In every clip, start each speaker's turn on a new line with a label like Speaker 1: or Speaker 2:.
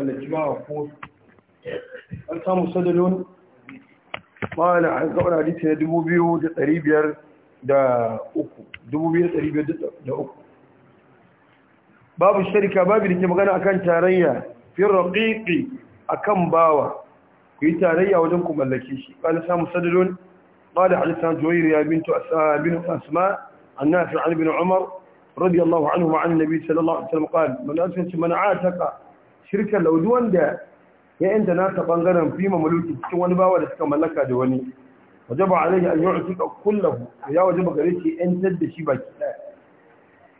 Speaker 1: من الاجماع والقول انت مسدد ما انا قبل حديث يا دبو بيو تقريبير دا أكو دبوبيو بيو تقريبير دا أكو باب الشركة باب اللي كما كان اكان تاريا في الرقيقي اكان باوا في تاريا وجنكم ملكيشي قال انت مسدد قال عن عن جوير يا بنت اسماء النافع عن ابن عمر رضي الله عنه وعن النبي صلى الله عليه وسلم قال من أسنت من عاتق shirka laudu wanda ya yanta nasa bangaren fima mulki cikin wani bawa da suka mallaka da wani wajaba alaihi an yu'tika kullahu ya wajaba gare shi yantar da shi baki daya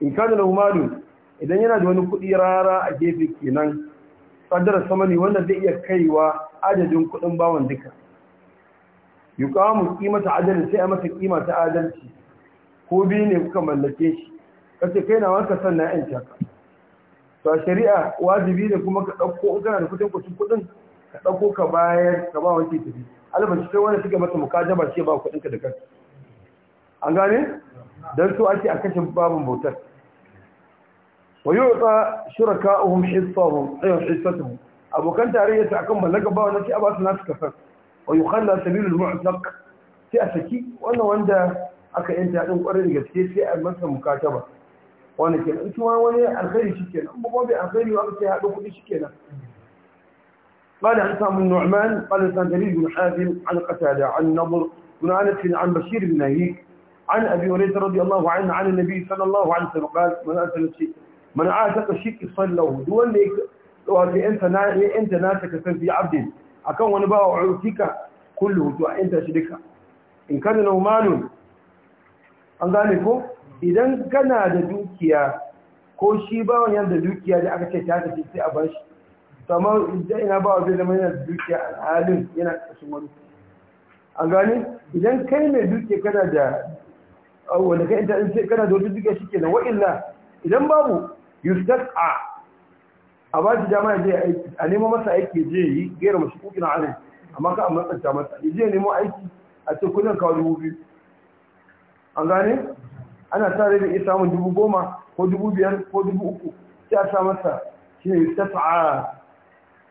Speaker 1: in kana lahu malu idan yana da wani kuɗi rara a gefe kenan sadara samani wanda zai iya kaiwa adadin kuɗin bawan duka yuqamu qimata adalci sai a masa kima ta adalci ko biyu ne kuka mallake shi kace kai na wanka sannan yan taka to a shari'a wajibi ne kuma ka ɗauko kana da kuɗin kuɗin kuɗin ka ɗauko ka bayar ka ba wanke tafi albashi kai wanda suke mata mukajaba shi ba kuɗinka da kanka an gane don so ake a kashe babin bautar wa yi wata shuraka ohun hissahun eh, abokan tarayyarsa akan mallaka ba wani ce a ba su nasu kasar wa yi kalla sabilul mu'azzak sai a saki wannan wanda aka yanta haɗin ƙwarar da gaske sai a masa mukataba wani kenan kuma wani alkhairi shi kenan in babu alkhairi aka ce haɗo kuɗi shi kenan قال حسام بن نعمان قال حسام جرير بن حازم عن قتادة عن نضر بن أنس عن بشير بن هيك عن أبي هريرة رضي الله عنه عن النبي صلى الله عليه وسلم قال من أسأل الشيء من عاتق الشيء صلوا دول ليك وفي أنت نا... أنت ناتك في عبد أكون ونباع عرتك كله أنت شركة إن كان له مال أن ذلك idan kana da dukiya ko shi bawan yadda dukiya da aka ce ta tafi sai a bar shi kamar idan ina ba wa zai zama yana da dukiya a halin yana kasu wani a gani idan kai mai dukiya kana da wanda kai ta ce kana da wata dukiya shi ke kenan wa'ila. idan babu yustak a a ba shi dama aiki a nemo masa aiki zai yi gera masu kukin halin amma ka a matsanta masa je nemo aiki a cikin kullum kawo dubu biyu an gane ana sa rai da iya samun dubu goma ko dubu biyar ko dubu uku sai a sa masa shi ne tafa'a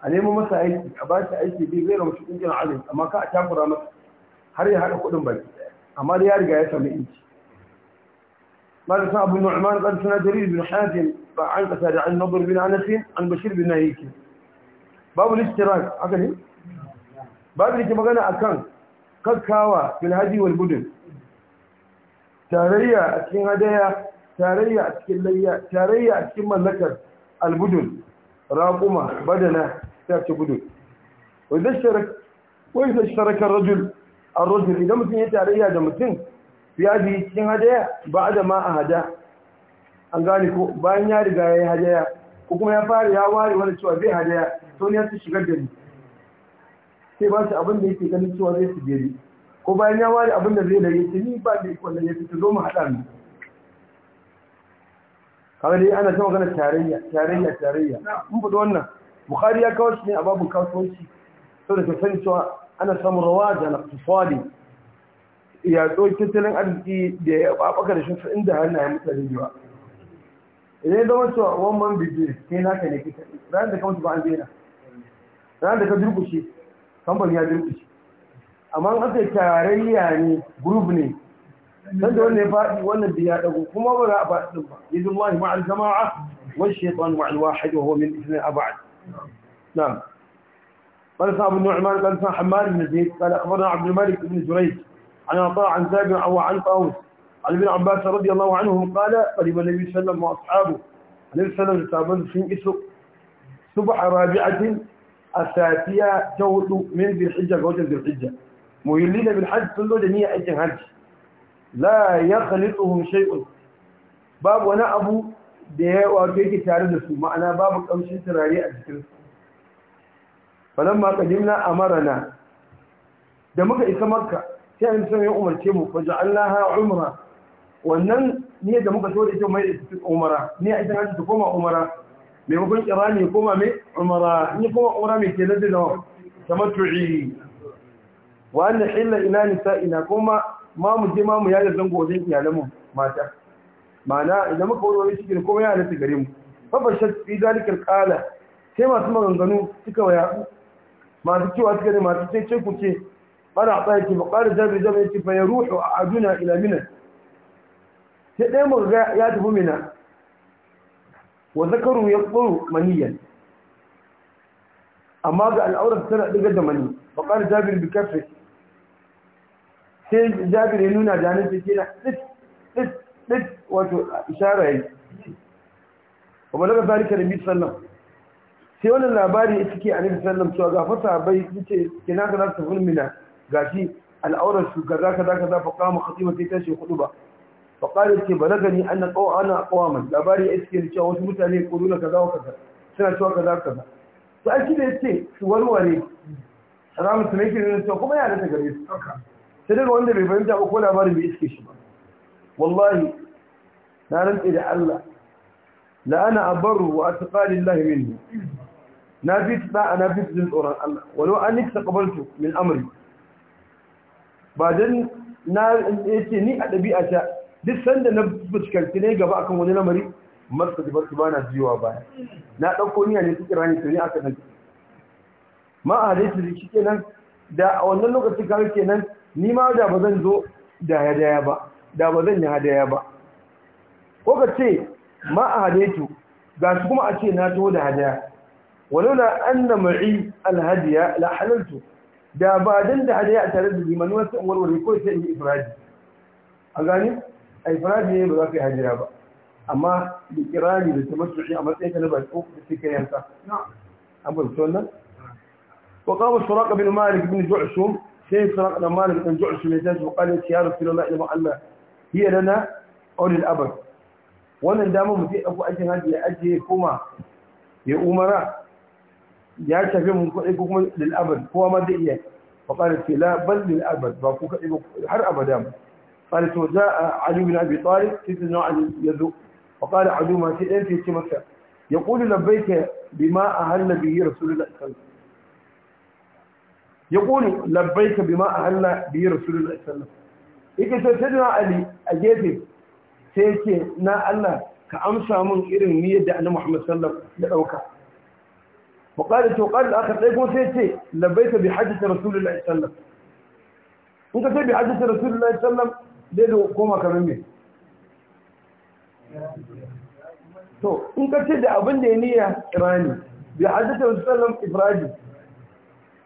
Speaker 1: a nemo masa aiki a ba shi aiki bai zai ramshi kungiyar azumi amma ka a takura masa har ya haɗa kuɗin baki amma da ya riga ya samu inci ماذا صاحب بن نعمان قال سنة جرير بن حازم عن قتاد عن نضر بن أنس عن بشير بن نهيك باب الاشتراك عقلي باب اللي كما قلنا أكان كاكاوا بالهدي والبدن tarayya a cikin hadaya tarayya a cikin layya tarayya a cikin mallakar albudun raƙuma badana ta ce gudun wadda sharakar rajul a rajul idan mutum ya tarayya da mutum ya bi cikin hadaya ba da ma a hada an gane ko bayan ya riga ya yi hadaya ko kuma ya fara ya ware wani cewa zai hadaya to ne ya su shigar da ni sai ba su abin da yake ganin cewa zai su jeri ko bayan ya ware abin da zai da yake ni ba da wannan ya fito zo mu hada mu kawai dai ana ta magana tarayya tarayya tarayya mun fito wannan bukhari ya kawo shi ne a babu kasuwanci to da sani cewa ana samun rawaja na tsofali ya tsoki tattalin arziki da ya abaka da shi inda hannayen mutane jiwa idan zama cewa wannan bibiyar kai naka ne kita ran da ka mutu ba an daina ran da ka durkushe kamfani ya durkushe amma aka tarayya ne group ne dan da wannan faɗi wannan da ya dago kuma ba za a faɗi din ba idan wahi ma al jama'a wal shaytan ma al wahid wa huwa min ithna ab'ad na'am قال صاحب النعمان قال صاحب حماد بن زيد قال اخبرنا عبد الملك بن جريج عن عطاء عن ثابت او عن طاووس عن ابن عباس رضي الله عنهم قال قريب النبي صلى الله عليه وسلم واصحابه النبي صلى الله عليه وسلم تابعوا في اسوق صبح رابعه الساتيه تهد من ذي الحجه فوجد ذي الحجه muhulli da bilhajji sun zo da niyyar aikin hajji la ya khalitsuhum shay'un babu wani abu da ya wato yake tare da su ma'ana babu kamshin turare a jikin su falamma qadimna amarna da muka isa marka, sai an san ya umarce mu fa ja'alnaha umara. wannan ne da muka so da ita mai umara ne a ita ta koma umara mai hukun ne koma mai umara ni koma umara mai ke lalle da tamattu'i wa anna nisa ina nisa'ina kuma ma mu je ma mu yada zango wajen iyalan mu mata ma'ana idan muka wuri wani cikin kuma ya halatta gare mu fa bashar fi zalikal qala sai masu maganganu suka waya masu cewa suka ne masu ce ku ce bana tsaya ki bakar jabi jabi yace fa a aduna ila mina sai dai mu ga ya tafi mina wa zakaru yaqulu maniyan amma ga al'aurar tana digar da mani bakar jabir bi kafi sai jabir ya nuna janin jiki na ɗit wato ishara ya yi kuma daga zalika da biyu sallam sai wani labari ya cike a nabi sallam cewa ga fasa bai ce kina ka za su fulmina ga shi al'aurar su ga za ka za ka za fa kama khatima sai tashi hudu ba fa kare ce ba gani ni na kawo ana kawaman labari ya cike cewa wasu mutane ko nuna kaza wa kaza suna cewa kaza kaza to an shi da ya ce su warware A ramu su ne ke nuna cewa kuma ya da ta gare su sai daga wanda bai fahimta ba ko labarin bai iske shi ba wallahi na rantse da Allah la ana abaru wa atqalillahi minni na fi tsada na fi jin tsoron Allah walau an ni taqabaltu min amri ba dan na yace ni a dabi'a ta duk sanda na fuskanci ne gaba akan wani lamari marsa da barki bana jiwa baya na dauko niyya ne cikin rani to ni aka san ma a hadisi shi kenan da a wannan lokacin kawai kenan ni ma da ba zan zo da hadaya ba da ba zan yi hadaya ba ko ka ce ma a hadaitu ga shi kuma a ce na taho da hadaya walaula anna ma'i alhadiya la halaltu da ba dan da hadaya a tare da limani wasu an warware ko sai in yi ifiradi. a gani a ifiradi ne ba za ka yi hadaya ba amma da kirani da tamattu'i a matsayin ka na ko da suka yanka an bar sunan وقام السراق بن مالك بن جعشم sai sarar da malik dan ju'sh ne sai su kare ya rasulullah ilmu Allah hiya lana aw lil abad wannan damar mu sai dauko aikin haji ya aje kuma ya umara ya shafe mun kuɗi ko kuma lil kowa ma zai iya fa qala ce la bal lil abad ba ku kaɗi har abada qala to jaa ali bin abi talib sidna ali yazu fa qala adu ma ce masa yaqulu labbaika bima ahalla bi rasulullahi sallallahu alaihi sai ali a gefe sai yake na Allah ka amsa mun irin niyyar da annabi Muhammad Sallam ya ɗauka wa qala to qala akhar dai kuma sai yace labbaika bi in ka sai bi hajjati rasulullahi sallallahu alaihi da koma kamar to in ka ce da abin da ya niyya irani bi hajjati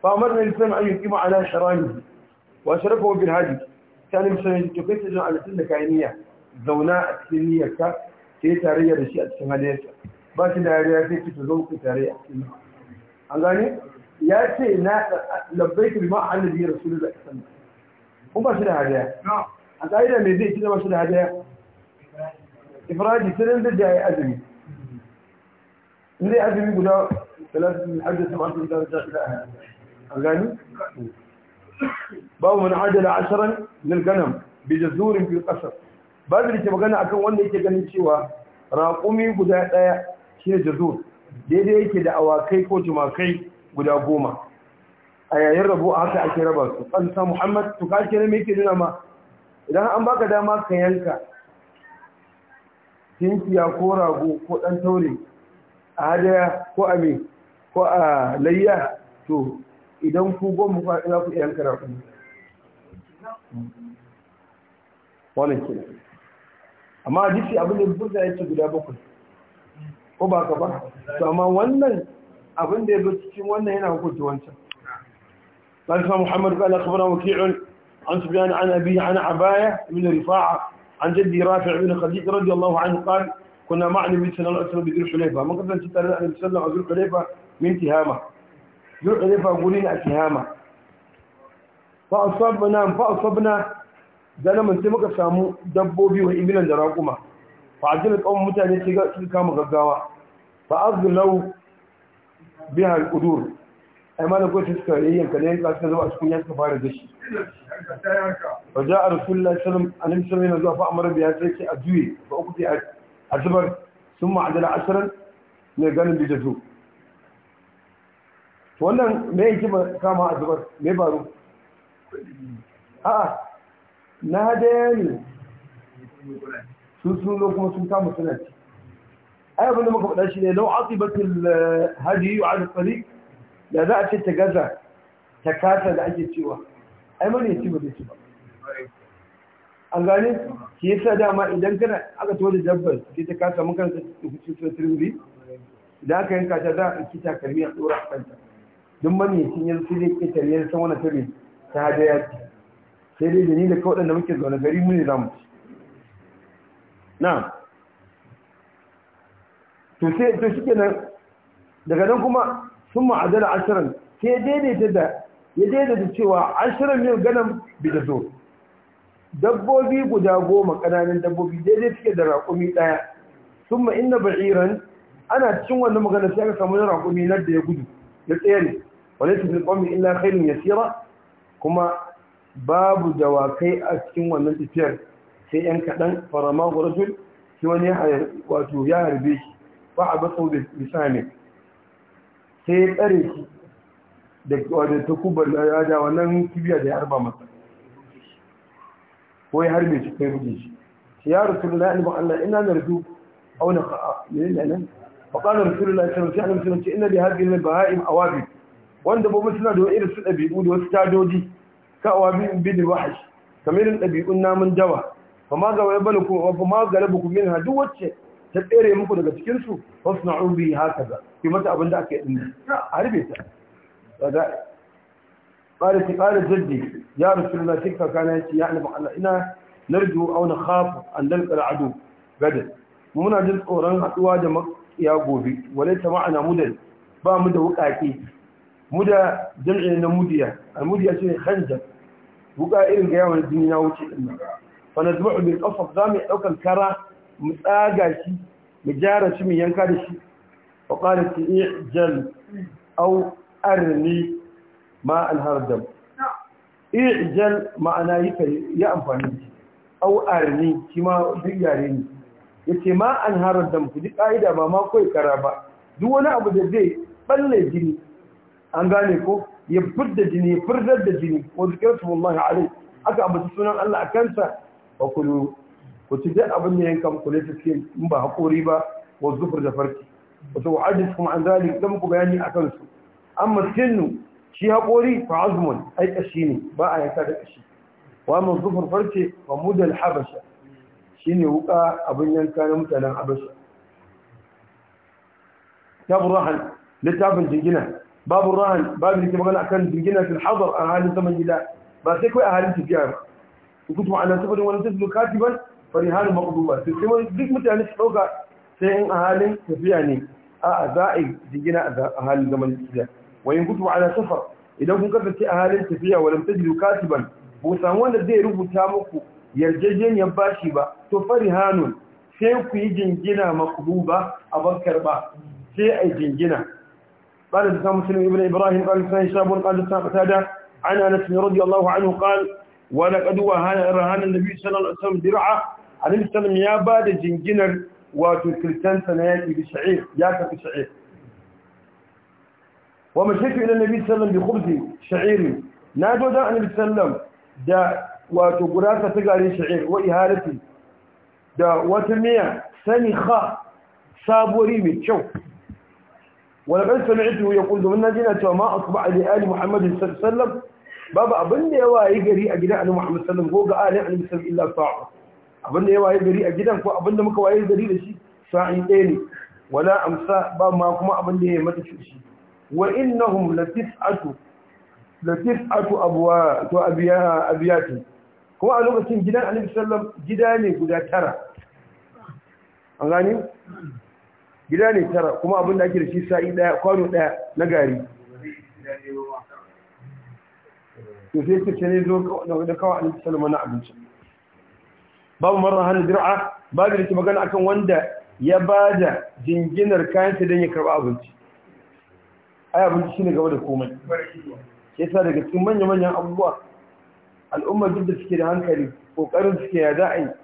Speaker 1: فأمرنا الإسلام أن يقيم على شرائعه وأشرفه بالهدي كان مسلم تكتج على سنة كائنية زوناء سنية كا في تارية رشيئة شمالية باش دارية في تزوق تارية أنغاني يا شيء نا لبيت بما عن النبي رسول الله صلى الله عليه وسلم هو باش دارية نعم أيضا مزيد كذا باش هذا؟ إفراجي سنة جاي أزمي اللي أزمي يقول لا ثلاثة من حجة سبعة من درجة إلى an gani babu man adala asharan min ganam fil babu da ke magana akan wanda yake ganin cewa raƙumi guda ɗaya shine jazur daidai yake da awakai ko jimakai guda goma a yayin rabo a haka ake raba su an muhammad to ka kira me yake nuna ma idan an baka dama ka yanka tinkiya ko rago ko dan taure a hadaya ko a ko a layya to idan ku goma ku za ku iya yankara ku wannan ke amma hadisi abin da burda ya ce guda bakwai ko ba ka ba to amma wannan abin da ya zo cikin wannan yana hukunta wancan قال محمد قال اخبرنا وكيع عن سفيان عن أبيه عن عباية بن رفاعة عن جدي رافع بن خديج رضي الله عنه قال كنا مع النبي صلى الله عليه وسلم بذي الحليفة من قبل أن تتعلم النبي صلى الله عليه وسلم من تهامة يعرف قولين التهامة فأصبنا فأصبنا zana mun sai muka samu dabbobi wa imilan da raƙuma fa ajila tsawon mutane su kama gaggawa fa azlau biha al-qudur ai malam ko su suka yi yanka ne ka suka zuba a cikin yanka suka fara dashi fa ja'a rasulullahi sallallahu alaihi wasallam yana zuwa fa amara biya sai ce a juye fa uku sai a zubar sun ma'adala ashirin mai ganin bijazu wannan me yake kama a zubar me faru a'a na daya ne sun suno kuma sun kama suna ci ai abinda muka faɗa shi ne lau asibatul eh, hadiyu ala tsari da za a ce ta gaza ta kasa da ake cewa ai mani ya ci ba zai ci ba an gane ki yasa dama idan kana aka tawo da dabbar sai ta kasa mukan ta huce sun turbi idan aka yanka ta za a ɗauki takalmi a ɗora a kanta duk ya yanzu sai dai ƙetare ya san wani tare ta ya ce sai dai da ni da kawai da muke zaune gari mu ne za mu ci na to sai to shi nan daga nan kuma sun ma'adala ashirin sai daidaita da ya daidaita cewa ashirin yau ganin bida zo dabbobi guda goma ƙananan dabbobi daidai suke da raƙumi ɗaya sun ma'ina ba'iran ana cin wannan magana sai aka samu na raƙumi na da ya gudu ya tsere walaisu bil qawmi illa khairun yasira kuma babu dawakai a cikin wannan tafiyar sai yan kadan farama rajul sai wani ya wato ya harbe shi fa abasu bi lisani sai ya tsare shi da wadda ta kubar da wannan kibiya da ya harba masa ko ya harbe shi kai buge shi shi ya rasulullah ibn Allah na wanda babu suna da irin su ɗabi'u da wasu tadoji ka awa bin bin wahash kamar irin ɗabi'un namun dawa fa ma ga wayabana kuma wa fa ma galabu kuma min hadu wacce ta tsere muku daga cikin su wasna'u bi hakaza ki mata abin da ake yi din a harbe ta kaga qala ti qala jaddi ya rasulullah tikka kana yace ya alim Allah ina narju aw nakhafu an dalqa al'adu gada muna jin tsoron haduwa da makiya gobe walaita ma'ana mudal ba mu da wukaki muda jam'i na mudiya al-mudiya shi ne hanjar Buka irin ga yawon jini na wuce din nan fa nazba'u bil qasab zamu daukar kara mu tsaga shi mu jara shi mu yanka da shi fa qalat i'jal aw arni ma al-hardam i'jal ma'ana yake ya amfani shi aw arni shi ma duk yare ne yace ma an haradam ku duk kaida ba ma koi kara ba duk wani abu da zai balle jini an gane ko ya furda jini furdar da jini wa zikirtu wallahi alai aka ambaci sunan Allah a kansa wa kulu ku ci duk abin da yanka muku ta suke in ba haƙori ba ko zufur da farki wa sau kuma an zali zan muku bayani a kansu amma sinu shi haƙori fa azmun ai ƙashi ne ba a yanka da ƙashi wa amma zufur farce fa mudal habasha ne wuƙa abin yanka na mutanen habasha taburahan littafin jingina babu rahan babu da ke magana akan jingina fil hadar a halin saman gida ba sai kawai a halin tafiya ba ku kuma saboda wani tafiya ban fari halin ba sai sai duk mutane su ɗauka sai in a halin tafiya ne a za a jingina a halin zaman gida wayin kutu ana safar idan kun kasance a halin tafiya walam tajidu ban ba samu wanda zai rubuta muku yarjejeniyar bashi ba to fari hanun sai ku yi jingina makudu ba a ban karba sai a jingina قال الإسلام مسلم ابن إبراهيم قال الإسلام شاب قال الإسلام قتادة عن أنس رضي الله عنه قال ولقد وهان رهان النبي صلى الله عليه وسلم درعة عليه السلام يا بعد جنجنر وتكلتان سنياتي بشعير ياك بشعير ومشيت إلى النبي صلى الله عليه وسلم بخبز شعير نادوا ذا النبي صلى الله عليه وسلم دا وتقراسة تقاري شعير وإهالتي دا وتمية سنخة صابوري من شوف walakar sami'atu ya kullu wannan jina cewa ma asba ali ali Muhammadu sallallahu alaihi babu abin da yawa yi gari a gidan Ali Muhammadu sallallahu ko ga ali annabi sallallahu illa sa'a abin da yawa yi gari a gidan ko abin da muka waye gari da shi sa'i ɗaya ne wala amsa ba ma kuma abin da ya mata shi wa innahum latis'atu latis'atu abwa to abiya abiyatu kuma a lokacin gidan annabi sallallahu gida ne guda tara an gani gida ne tara kuma abin da ake da shi sa'i daya kwano daya na gari to sai ce ne zo da kawai annabi sallallahu alaihi abinci babu marar hannun dir'a babu da ke magana akan wanda ya bada jinginar kayansa don ya karba abinci ai abinci shine gaba da komai sa daga cikin manya-manyan abubuwa al'ummar duk da suke da hankali kokarin suke ya za a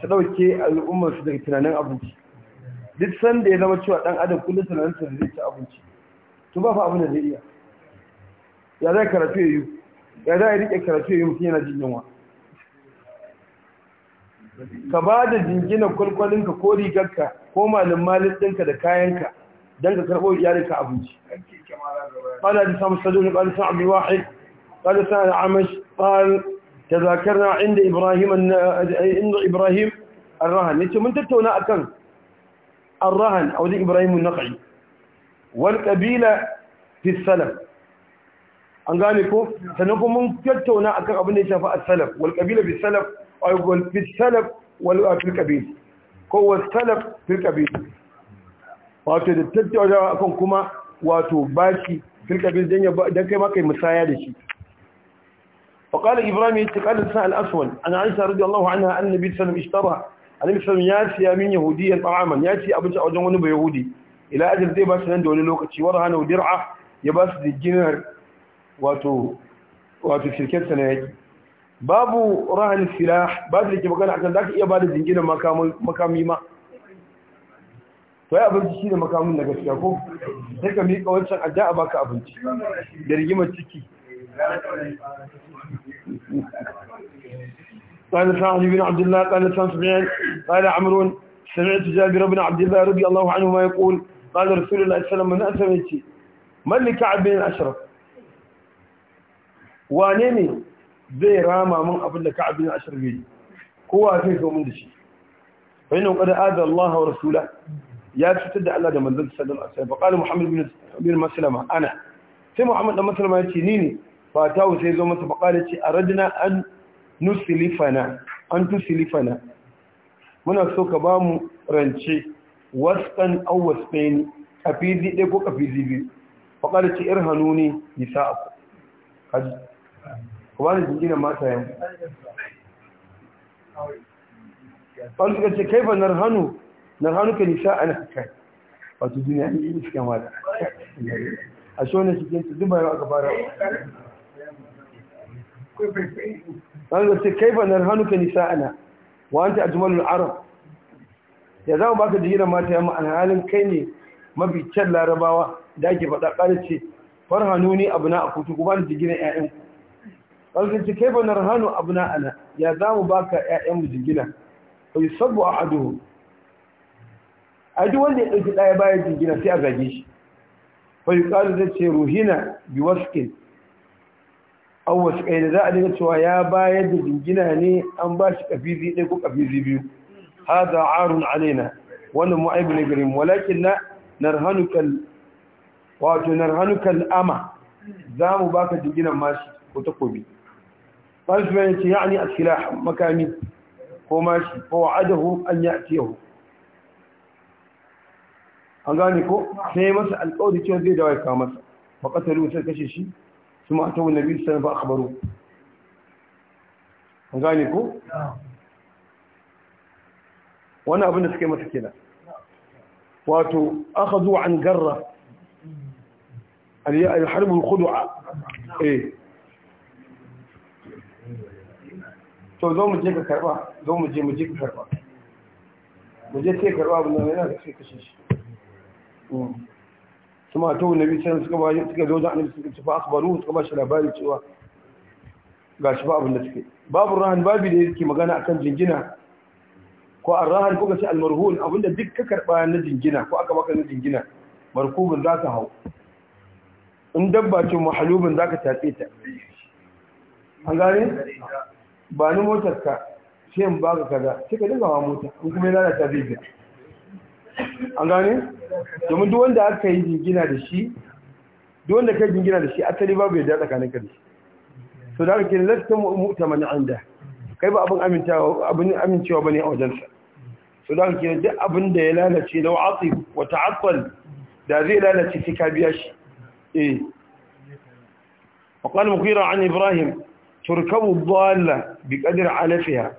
Speaker 1: ta ɗauke al'ummar su daga tunanin abinci duk sanda ya zama cewa dan adam kullum tunanin da zai ci abinci to ba fa abin da zai iya ya zai karatu yayi ya zai rike karatu yayi mutum yana jin yunwa ka ba da jingina ka ko rigarka ko malin malin ɗinka da kayanka don ka karɓo ka abinci. Ƙala da samun ne ƙala san abu wahid, ƙala san al'amash ƙal ta zakar na inda Ibrahim Ar-Rahan. ce, mun tattauna akan. kan الرهن أو ذي إبراهيم النقعي والقبيلة في السلف an gane ko sannan kuma mun tattauna akan abin da ya shafi as-salaf wal qabila salaf ay wal salaf ko wato da tattauna akan kuma wato bashi fil qabil kai ma kai musaya da shi فقال إبراهيم يتقال لسان الأسود أن عائشة رضي الله عنها أن النبي صلى الله عليه وسلم اشترى annabi sallallahu ya siya min yahudiyan ta'aman ya ci abinci a wajen wani bai yahudi ila ajal zai ba su nan da wani lokaci wa rahana dir'a ya ba su diginar wato wato shirket na yaki babu rahan silah babu da ke magana akan zaka iya ba da dinginar makami ma to ya abinci shi ne makamin na gaskiya ko sai ka miƙa wancan a a baka abinci da rigimar ciki قال سعد بن عبد الله قال سعد قال عمرو سمعت جابر بن عبد الله رضي الله عنهما يقول قال رسول الله صلى الله عليه وسلم من لكعب بن الأشرف وانيني zai rama mun abin da ka'ab bin ashir bai kowa sai so da shi fa inna qad aada Allah wa rasula ya fitar da Allah da manzon sallallahu alaihi wasallam qala muhammad bin bin maslama ana sai muhammad dan maslama yace ni ne fa tawo sai zo masa fa qala ce an nusilifana an tusilifana muna so ka ba mu rance wasan auwas ɗaya a fizi ɗaya ko a fizi biyu faƙar ci ir hannu ne bisa ku haji ku ba ni jingina mata yanku ɓan suka ce kai ba narhanu narhanu ka nisa ana kai wato duniya ne iskan mata a shi wani cikin su duba yau aka fara wanda ce kai ba na, hannuka nisa'ana wa ta ajimalin arab ya zama baka jigiran mata yamma halin kai ne mafi kyan larabawa da ake faɗa far farhanu ne abu na akutu kuma da ‘ya’yan ku. wanda ce kai ba nan hannu abu na ana ya za ka baka mu jigina fa yi sabu a duk wanda ya ɗauki ɗaya bayan jigina sai a zage shi fa yuqalu zai ce ruhina biwaskin an wasu kai da za a daga cewa ya bayar da jingina ne an ba shi kafizi ɗaya ko kafizi biyu haza arun alaina wannan aibi ne gare mu walakin na narhanukal wato narhanukal ama za mu baka jinginan mashi ko takobi su bayan ce ya ne a shila makami ko mashi ko wa adahu an ya yau an gane ko sai masa alƙawar cewa zai dawo ya kawo masa faƙatalu sai kashe shi ثم أتوا النبي صلى الله ba a kabaru, an gane ku? wani abin da suke masa kenan wato aka zuwa an garra alharbin kudu'a a? to zo mu je ka karba zo mu je mu je ka karba mu je sai karba abin da yana da sai kashe shi su to nabi sai suka ba suka zo da annabi suka ci fa akbaru suka ba shi labari cewa ga shi ba abin da suke babu rahan babu da yake magana akan jingina ko arrahan ko kace almarhun abinda duk ka karba na jingina ko aka baka na jingina markubun zaka hau in dabba ce mahalubin zaka tafe ta an gane ba ni motar ka sai in baka kaza sai ka dinga wa mota in kuma ya lalata zai an gane domin duk wanda aka yi jingina da shi duk wanda kai jingina da shi asali babu yadda tsakanin ka da shi so da kake lasta mu'taman anda kai ba abin amincewa abin amincewa bane a wajen sa so da kake duk abin da ya lalace da wa'ati wa ta'aqqal da zai lalace sai ka biya shi eh وقال مغيرة عن إبراهيم تركب الضالة بقدر علفها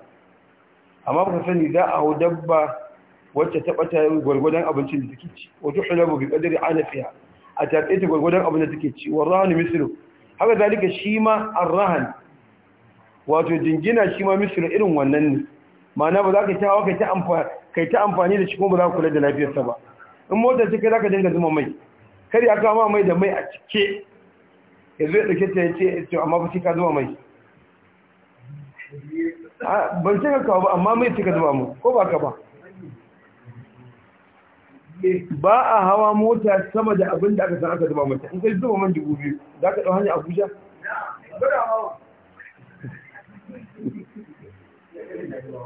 Speaker 1: أما بخسن إذا أو دبّة wacce ta bata yin gwargwadon abincin da take ci wato hulabu bi qadri anafiha a tabe ta gwargwadon abin da take ci warahanu mislu haka zalika shi ma rahan wato jingina shi ma mislu irin wannan ne ma'ana ba za ka ta kai ta amfani kai ta amfani da shi kuma ba za ka kula da lafiyarsa ba in mota ce kai za ka dinga zuma mai kar ya kama mai da mai a cike ya zo ya ɗauke ta ya ce to amma ba shi ka zuma mai ban ce ka kawo ba amma mai sai ka zuma mu ko ba ka ba ba a hawa mota sama da abin da aka san aka zuba mata in kai zuba man dubu biyu za ka ɗau hanyar abuja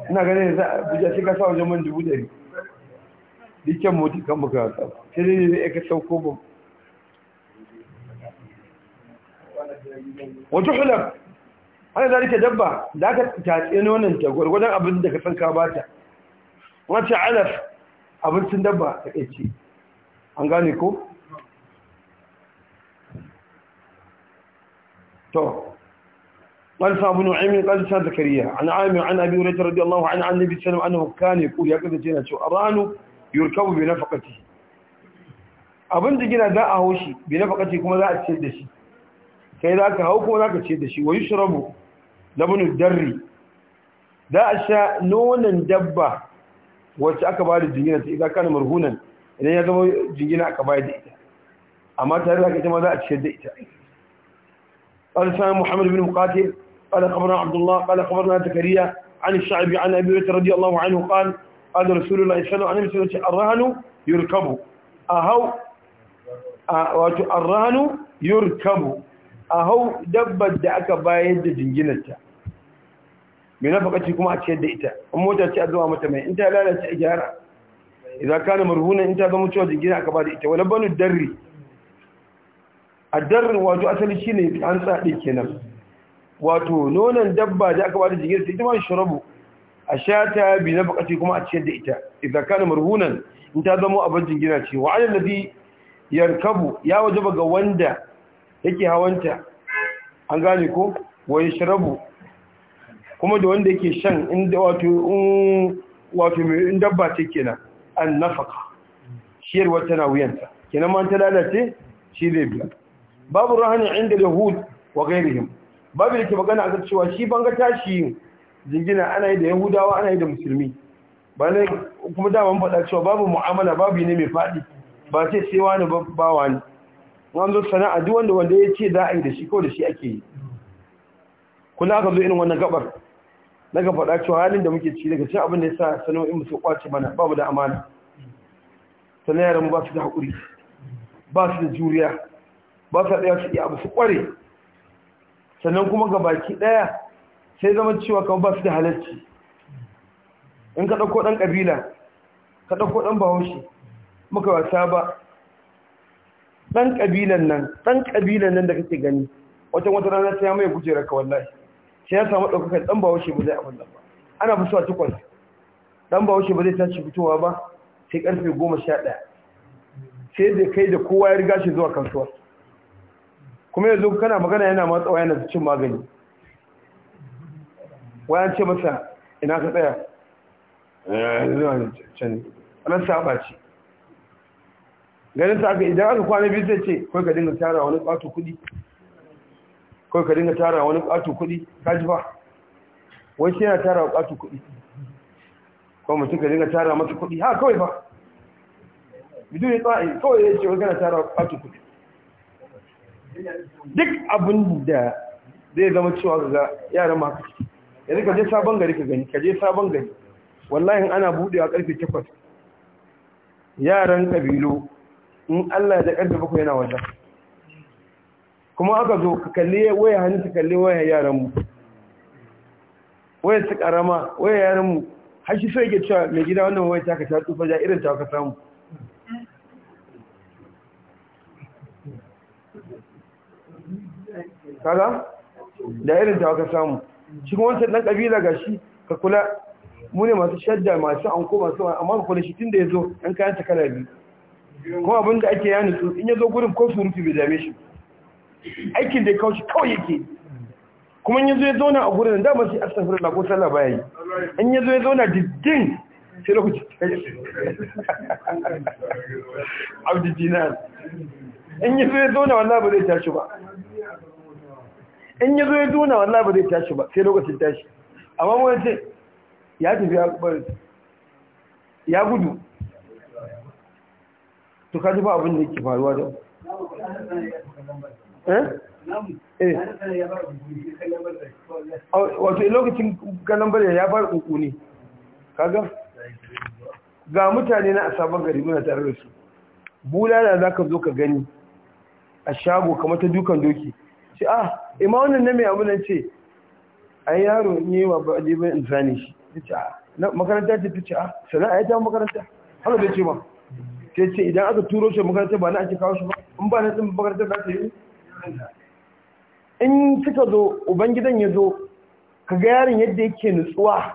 Speaker 1: ina ganin za a abuja sai ka sa wajen man dubu ɗari dukkan mota kan baka wasa sai dai ne aika sauko ba wata hulab ana rike dabba da aka tatse nonon ta gwargwadon abin da ka san ka bata wata alaf abincin dabba ta ƙaice an gane ko? to wani sabu ne wa'imin ƙasar sa zakariya an amin an abin rai ta rabi allahu an an nabi sanar an hukka ne ko ya ƙasar jina cewa ranu yurkabu bai na faƙaci abin da gina za a hau shi bai na faƙaci kuma za a ce da shi Kai za ka hau kuma za ka ce da shi wa yi shirabu na bunin darri za a sha nonon dabba wacce aka ba da jingina ta idan kana marhunan idan ya zama jingina aka bayar da ita amma tare da ita ma za a ciyar da ita قال سامي محمد بن مقاتل قال خبرنا عبد الله قال خبرنا زكريا عن الشعبي عن ابي هريره رضي الله عنه قال قال رسول الله صلى الله عليه وسلم الرهن يركب yurkabu a hau dabbar da aka bayar da jinginarta mai nafakaci kuma a ciyar da ita an mota ce a zuwa mata mai in ta lalace a gyara idan ka kana marhunan in ta zama cewa jingina aka ba da ita wani banu darri a darri wato asali shi ne an tsaɗe kenan wato nonon dabba da aka ba da jingina sai ita ma shirabu a sha ta bi nafakaci kuma a ciyar da ita idan ka kana marhunan in ta zama abin jingina ce wa alal ladhi yarkabu ya wajaba ga wanda yake hawanta an gane ko wa yashrabu kuma da wanda yake shan inda wato wato mai dabba ce kenan an nafaka wata tana wuyanta kenan ma ta lalace shi zai biya babu rahani inda da hud wa gairihim babu da ke magana a cewa shi banga tashi jingina ana yi da yahudawa ana yi da musulmi ba ne kuma daman faɗa cewa babu mu'amala babu ne mai faɗi ba ce sai wani ba wani Wanzu zo sana'a duk wanda wanda ya ce za a yi da shi ko da shi ake yi Kuna ka zo irin wannan gabar daga faɗa cewa halin da muke ci daga cin abin da ya sa sano'in mu su kwace mana ba mu da amana sannan yaran ba su da haƙuri ba su da juriya ba su ɗaya su iya abu su ƙware sannan kuma ga baki ɗaya sai zama cewa kan ba su da halarci in ka ɗauko ɗan ƙabila ka ɗauko ɗan bahaushe muka wasa ba ɗan ƙabilan nan ɗan ƙabilan nan da kake gani wata wata rana sai ya mai gujera ka wallahi sai ya samu ɗaukakar ɗan bahaushe ba zai abin nan ba ana suwa takwas ɗan bahaushe ba zai tashi fitowa ba sai ƙarfe goma sha ɗaya sai da kai da kowa ya riga shi zuwa kasuwa kuma yanzu kana magana yana matsawa yana cin magani wayan ce masa ina ka tsaya ranar saba ce ganin ta aka idan aka kwana biyu zai ce kai ka dinga tara wani ɓato kuɗi kawai ka dinga tara wani ƙato kuɗi ka ji ba wai sai yana tara ƙato kuɗi kawai mutum ka dinga tara masa kuɗi ha kawai ba Bidu ya tsaye kawai ya ce wai kana tara ƙato kuɗi duk abin da zai zama cewa ga yaran maka yanzu ka je sabon gari ka gani ka je sabon gari wallahi ana buɗewa karfe takwas yaran ƙabilu in Allah da ƙarfe bakwai yana wajen kuma aka zo ka kalli waya hannu ta kalli waya yaranmu waya su karama waya yaranmu har shi sai ke cewa mai gida wannan waya ta ka ta tsufa ja irin ta ka samu kaga da irin ta ka samu kuma wancan dan kabila shi ka kula mu ne masu shadda masu anko masu amma ka kula shi tun da ya zo 'yan kayan ta kala biyu kuma abinda ake yana in ya zo gurin ko rufi bai dame shi aikin da ya kawo shi kawai yake kuma in yazo ya zauna a gurin da ba shi astaghfirullah ko sallah baya yi in yazo ya zauna diddin sai lokaci abdi dinar in yazo ya zauna wallahi ba zai tashi ba in yazo ya zauna wallahi ba zai tashi ba sai lokacin tashi amma mu yace ya tafi ya kubar ya gudu to kaji ba abin da yake faruwa da Eh? Eh. wato lokacin ganin bari ya fara kuku ne kaga ga mutane na asabar gari muna tare da su bulala za ka zo ka gani a shago kamar ta dukan doki ce ah ima wannan na mai nan ce a yaro ne wa ba a jibin insani shi ah, makaranta ce ta ce ah sana'a ya ta makaranta haka da ce ba ce ce idan aka turo shi makaranta ba na ake kawo shi ba in ba na tsin makaranta za ta yi in suka zo ubangidan ya zo ka ga yarin yadda yake nutsuwa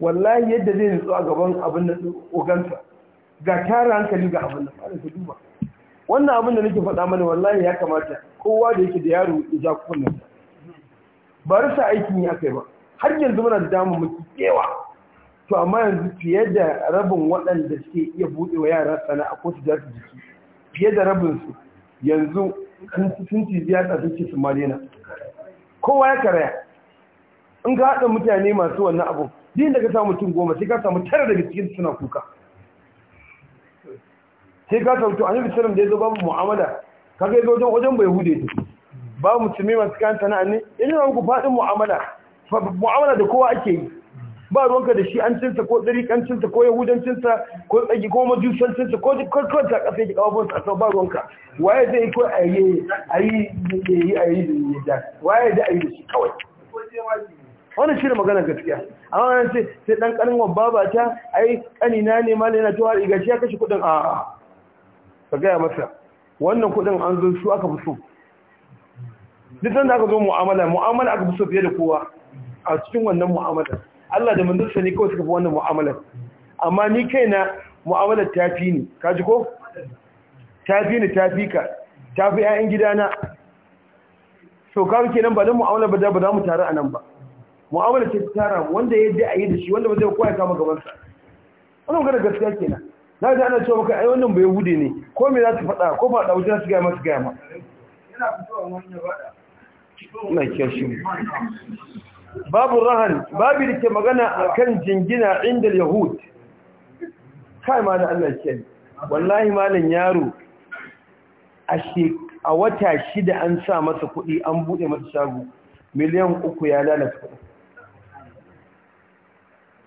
Speaker 1: wallahi yadda zai nutsuwa gaban abin da ogansa ga tara hankali ga abin da fara su duba wannan abin da nake faɗa mana wallahi ya kamata kowa da yake da yaro ya ja kunnan ba rasa aikin ya kai ba har yanzu muna da damu muke kewa to amma yanzu fiye da rabin waɗanda suke iya buɗe wa yara sana'a ko su jiki fiye da rabin su yanzu sun ci ya tsafin su marina kowa ya karaya in ka haɗa mutane masu wannan abu din da ka samu mutum goma sai ka samu tara daga cikin suna kuka sai ka samu to annabi sallam da yazo babu mu'amala ka ga yazo wajen bai hude ta babu musulmi masu kayan sana'a ne yanzu ku faɗin mu'amala mu'amala da kowa ake yi ba ruwanka da shi an cinsa ko cinsa, ko yahudancinsa ko tsagi ko majusancinsa ko ta ƙasa yake ƙawafin sa ba ruwanka waye zai ko a yi a yi a yi da yi da waye da a yi da shi kawai wani shi da magana gaskiya amma wani ce sai ɗan ƙanin wa baba ta ai ƙanina ne ma ne na tuwa riga shi ya kashe kuɗin a ka gaya masa wannan kuɗin an zo su aka fi so duk da aka zo mu'amala mu'amala aka fi so fiye da kowa a cikin wannan mu'amala. Allah da manzon ne kawai suka fi wannan mu'amalar amma ni kaina mu'amalar ta fi ka ji ko ta fi tafi ta fi ka ta fi ƴaƴan gidana so kawo kenan ba don mu'amalar ba ba za mu taru a nan ba mu'amalar ce tara wanda ya je a yi da shi wanda ba zai kowa ya kama gabansa Wani magana gaskiya kenan na ga ana cewa maka ai wannan bai hude ne ko me za su faɗa ko ba ɗauki za su gaya masu gaya ma yana fitowa wani ya bada Ina kiyar shi babu rahan babu da ke magana a kan jingina inda yahud kai ma da allah ke wallahi malin yaro a wata shida an sa masa kuɗi an bude masa shago miliyan uku ya lalata kuɗi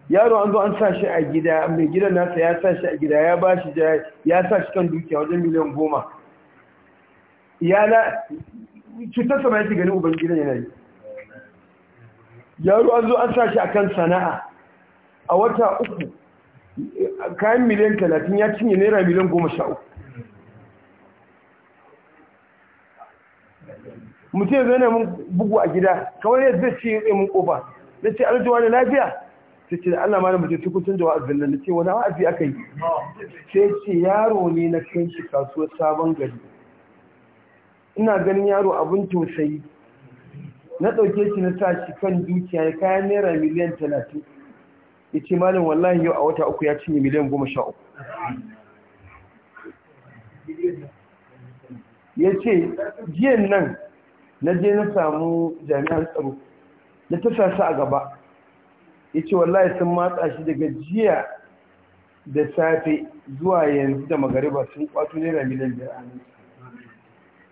Speaker 1: yaro an zo an sa shi a gida mai gidan nasa ya sa shi a gida ya ba shi ya sa shi kan dukiya wajen miliyan goma ya na cutarsa ba yake gani uban gidan yanayi. yaro an zo an sa shi akan sana'a a wata uku kayan miliyan talatin ya cinye naira miliyan goma sha uku mutum zai na mun bugu a gida kawai ne zai ce yi mun kofa na ce arzuwa da lafiya ta ce da allah malam mutum tukun canza wa'azin nan na ce wani wa'azi aka yi sai ce yaro ne na kai shi kasuwar sabon gari ina ganin yaro abin tausayi na ɗauke shi na sa shi kan dukiya ya kayan naira miliyan talatin ya ce malin wallahi yau a wata uku ya cinye miliyan goma sha uku ya ce jiyan nan na je na samu jami'an tsaro na ta sasa a gaba ya ce wallahi sun matsa shi daga jiya da safe zuwa yanzu da magariba sun kwato naira miliyan biyar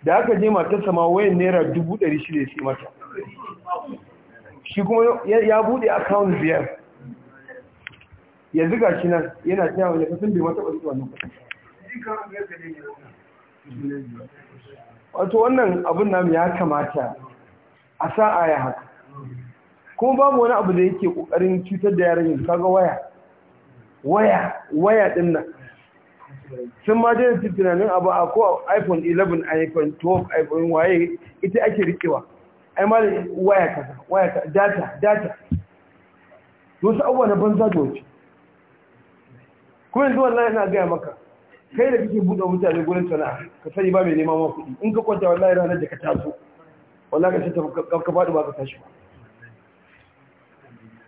Speaker 1: da aka je matarsa ma wayan naira dubu ɗari shida ya sai mata shi kuma ya bude akawun biyar ya ziga shi nan yana cewa wani kasu bai mata ɓarfi wannan wato wannan abin nam ya kamata a sa'a ya haka kuma babu wani abu da yake ƙoƙarin cutar da yaran yanzu kaga waya waya waya ɗin nan sun ma jini tunanin abu a ko iphone 11 iphone 12 iphone waye ita ake rikewa ai ma waya kaza waya kaza data data wasu abubuwa na banza da wace kuma yanzu wallahi ina gaya maka kai da kake buɗe mutane gurin sana'a ka sani ba mai neman ma kuɗi in ka kwanta wallahi ranar da ka taso wallahi ka ta ka faɗi ba ka tashi ba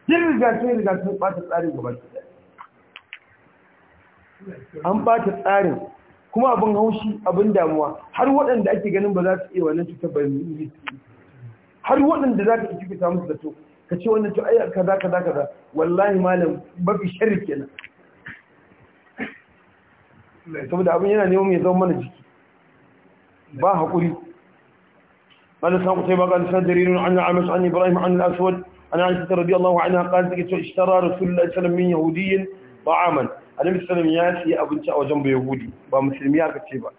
Speaker 1: yin riga sun riga sun ɓata tsarin gaba an ɓata tsarin kuma abin haushi abin damuwa har waɗanda ake ganin ba za su iya wannan cutar ba har waɗanda za ka ikifi samun da to ka ce wannan to ayyar kaza kaza kaza malam babu shirin kenan saboda abin yana neman ya zama mana jiki ba haƙuri ɓada san kusai ba ƙasa san jaririn an na'amar su an ibrahim an al'aswad an an sitar rabi allahu ainihin ƙasa take cewa ishtara rasulullah sallam min yahudiyin ba aman adam ya yi abinci a wajen ba yahudi ba musulmi aka ce ba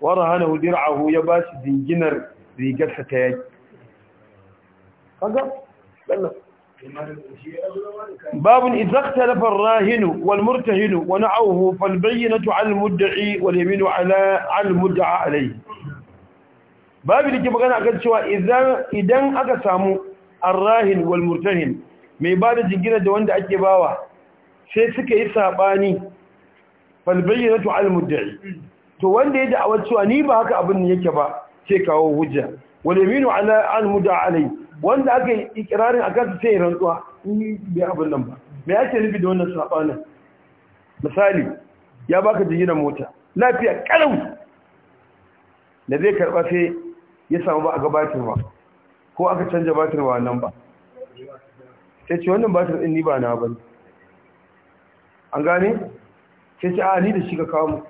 Speaker 1: wara hana hudir ya ba su dinginar rigar sa ta yaki kaga wannan باب إذا اختلف الراهن والمرتهن ونعوه فالبينة على المدعي واليمين على المدعى عليه باب اللي كيف كان أقول إذن أقسام الراهن والمرتهن mai ba da da wanda ake bawa sai suka yi saɓani falbayyana tu almuddai to wanda ya da'awar cewa ni ba haka abin yake ba sai kawo hujja wanda aka yi ikirarin a kasu sai rantsuwa in bai abin nan ba mai ake nufi da wannan saɓanin misali ya baka na mota lafiya kalau da zai karɓa sai ya samu ba a gabatar ba ko aka canja batir ba nan ba sai ce wannan batir din ni ba na bane an gane sai ce a ni da shi ka kawo mu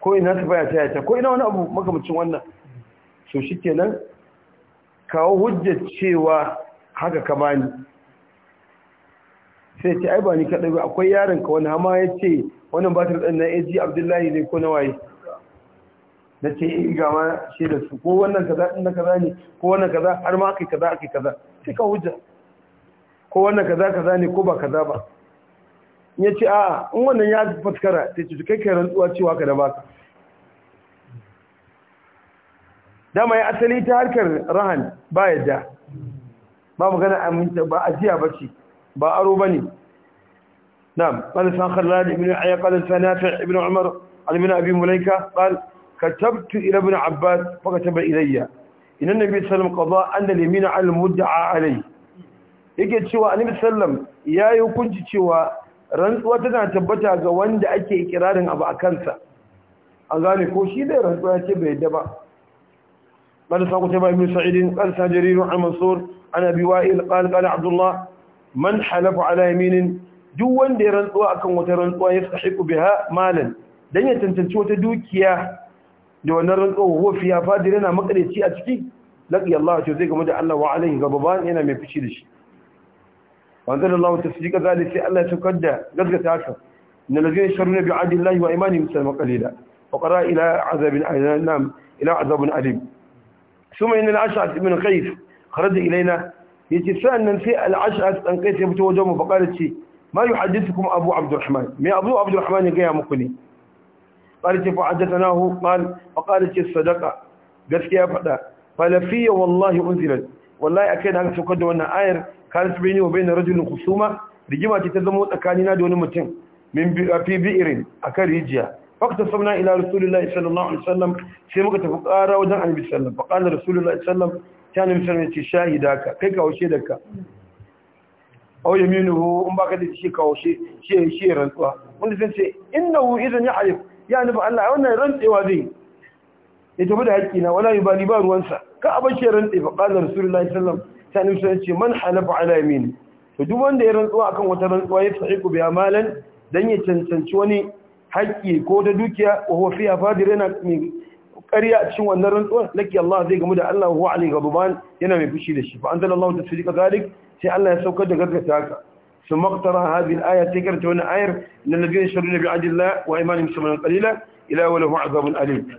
Speaker 1: ko ina su baya ta yata ko ina wani abu makamacin wannan so kenan kawo hujjar cewa haka ka bani sai ce ai ba ni kaɗai ba akwai yaron ka wani hama ya ce wannan batir ɗan na AG Abdullahi ne ko na waye. na ce in eh, ga ma shi da su ko wannan kaza din na kaza ne ko wannan kaza har ma kai kaza akai kaza sai ka hujja ko wannan kaza kaza ne ko ba kaza ba in ya ce a'a in wannan ya fuskara sai ce kai kai rantsuwa cewa ka da baka Da mai asali ta harkar rahan ba yadda ba magana aminta ba ajiya ba ce ba aro ba ne نعم قال سان ابن عيا قال سنافع ابن عمر عن ابن أبي مليكة قال كتبت إلى ابن عباس فكتب إلي إن النبي صلى الله عليه وسلم قضى أن اليمين على المدعى عليه yake cewa annabi sallam ya yi hukunci cewa rantsuwa tana tabbata ga wanda ake ikirarin abu a kansa A gane ko shi da rantsuwa ce bai yadda ba قال ساقتبا بن سعيد قال ساجرير عن منصور عن أبي وائل قال قال عبد الله من حلف على يمين duk wanda ya rantsuwa akan wata rantsuwa ya sahiku biha malan dan ya tantance wata dukiya da wannan rantsuwa huwa fi ya fadir yana makareci a ciki laqi Allah to zai gamu da Allah wa alaihi gababan yana mai fici da shi wanzan Allah tasdiqa zalika sai Allah ya tukar da gaskata haka bi adillahi wa imanihim salma qalila azabin alim ila azabin alim ثم إن العشعة بن قيس خرج إلينا يتسألنا في العشعة بن قيس يبتو وجهه فقالت شيء ما يحدثكم أبو عبد الرحمن ما أبو عبد الرحمن يقيا مكني قالت فحدثناه قال فقالت الصدقة قالت يا فدا قال في والله أنزلت والله أكيد أن تقد وأن آير كانت بيني وبين رجل خصومة رجمة تتزمو تكانينا دون متن من في بئر أكريجيا fakta sabna ila rasulullahi sallallahu alaihi wasallam sai muka tafi ƙara wajen annabi sallallahu fa qala rasulullahi sallallahu ta annabi sallallahu ce shahidaka kai kawo shaidarka aw yaminuhu in baka da shi kawo shi shi shi rantsuwa wanda sai ce innahu idan ya arif ya annabi Allah wannan rantsewa zai ya tafi da haƙƙi na wala yubali ba ruwansa ka a bashi rantsi fa qala rasulullahi sallallahu ta annabi sallallahu ce man halafa ala yamin to duk wanda ya rantsuwa akan wata rantsuwa ya sa'iku bi amalan dan ya cancanci wani haƙƙi ko ta dukiya wa huwa fiha fadir yana ƙarya a cikin wannan rantsuwa laki Allah zai gamu da Allah huwa alai gaban yana mai fushi da shi fa anzal Allah tasdiqa zalik sai Allah ya saukar da gaskata haka ثم اقترأ هذه الآية تكرت هنا آية إن الذين يشترون بعهد الله وإيمانهم ثمنا قليلا إلا وله عذاب أليم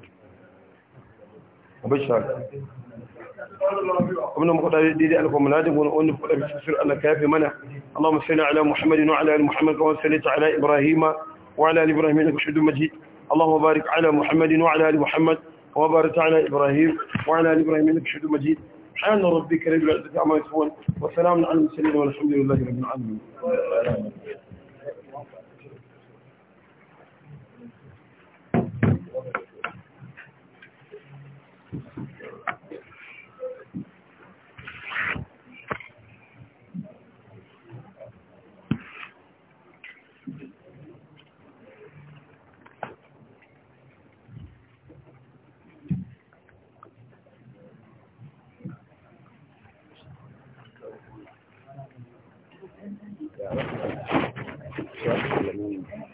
Speaker 1: وبشر ومن مقدار دي أنكم منادم ونقول بسر أنك يا في منع اللهم صل على محمد وعلى آل محمد كما صليت على إبراهيم وعلى آل إبراهيم إنك حميد مجيد اللهم بارك على محمد وعلى آل محمد وبارك على إبراهيم وعلى آل إبراهيم إنك حميد مجيد سبحان ربك رب العزة عما يصفون وسلام على المرسلين والحمد لله رب العالمين ruim.